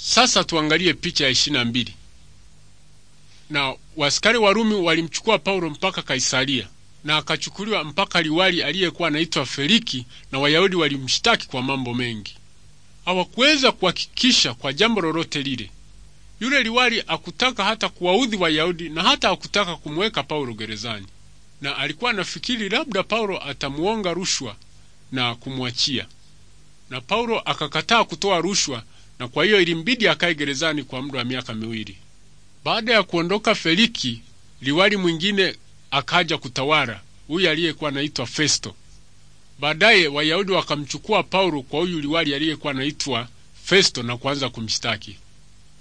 Sasa tuangalie picha ya ishirini na mbili. Na waskari Warumi walimchukua Paulo mpaka Kaisaria na akachukuliwa mpaka liwali aliyekuwa anaitwa Feliki, na Wayahudi walimshtaki kwa mambo mengi. Hawakuweza kuhakikisha kwa jambo lolote lile. Yule liwali akutaka hata kuwaudhi Wayahudi na hata hakutaka kumweka Paulo gerezani, na alikuwa anafikiri labda Paulo atamuonga rushwa na kumwachia. Na Paulo akakataa kutoa rushwa na kwa hiyo ilimbidi akae gerezani kwa muda wa miaka miwili. Baada ya kuondoka Feliki, liwali mwingine akaja kutawala, huyu aliyekuwa anaitwa Festo. Baadaye Wayahudi wakamchukua Paulo kwa huyu liwali aliyekuwa anaitwa Festo na kuanza kumshtaki,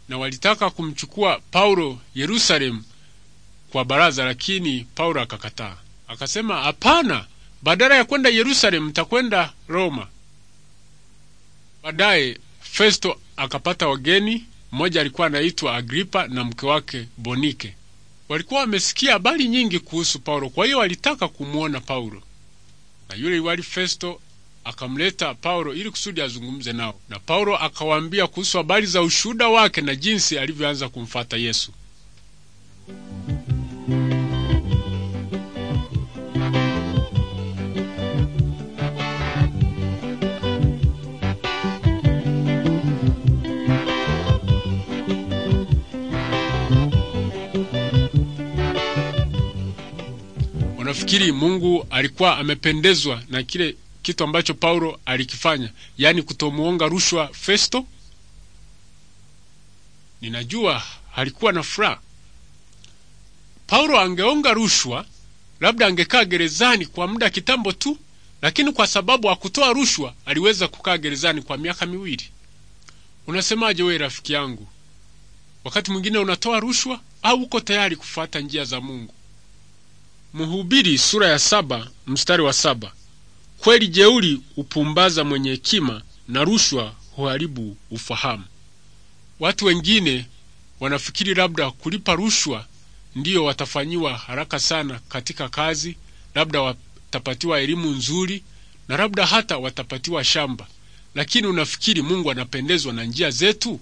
na walitaka kumchukua Paulo Yerusalemu kwa baraza, lakini Paulo akakataa, akasema, hapana, badala ya kwenda Yerusalemu mtakwenda Roma. Baadaye Festo akapata wageni. Mmoja alikuwa anaitwa Agripa na mke wake Bonike. Walikuwa wamesikia habari nyingi kuhusu Paulo, kwa hiyo walitaka kumuona Paulo. Na yule iwali Festo akamleta Paulo ili kusudi azungumze nao, na Paulo akawaambia kuhusu habari za ushuhuda wake na jinsi alivyoanza kumfata Yesu. unafikiri Mungu alikuwa amependezwa na kile kitu ambacho Paulo alikifanya, yaani kutomuonga rushwa Festo? Ninajua alikuwa na furaha. Paulo angeonga rushwa, labda angekaa gerezani kwa muda kitambo tu, lakini kwa sababu hakutoa rushwa aliweza kukaa gerezani kwa miaka miwili. Unasemaje wewe rafiki yangu? Wakati mwingine unatoa rushwa au uko tayari kufuata njia za Mungu? Mhubiri sura ya saba mstari wa saba. Kweli jeuri hupumbaza mwenye hekima na rushwa huharibu ufahamu. Watu wengine wanafikiri labda kulipa rushwa ndiyo watafanyiwa haraka sana katika kazi, labda watapatiwa elimu nzuri na labda hata watapatiwa shamba. Lakini unafikiri Mungu anapendezwa na njia zetu?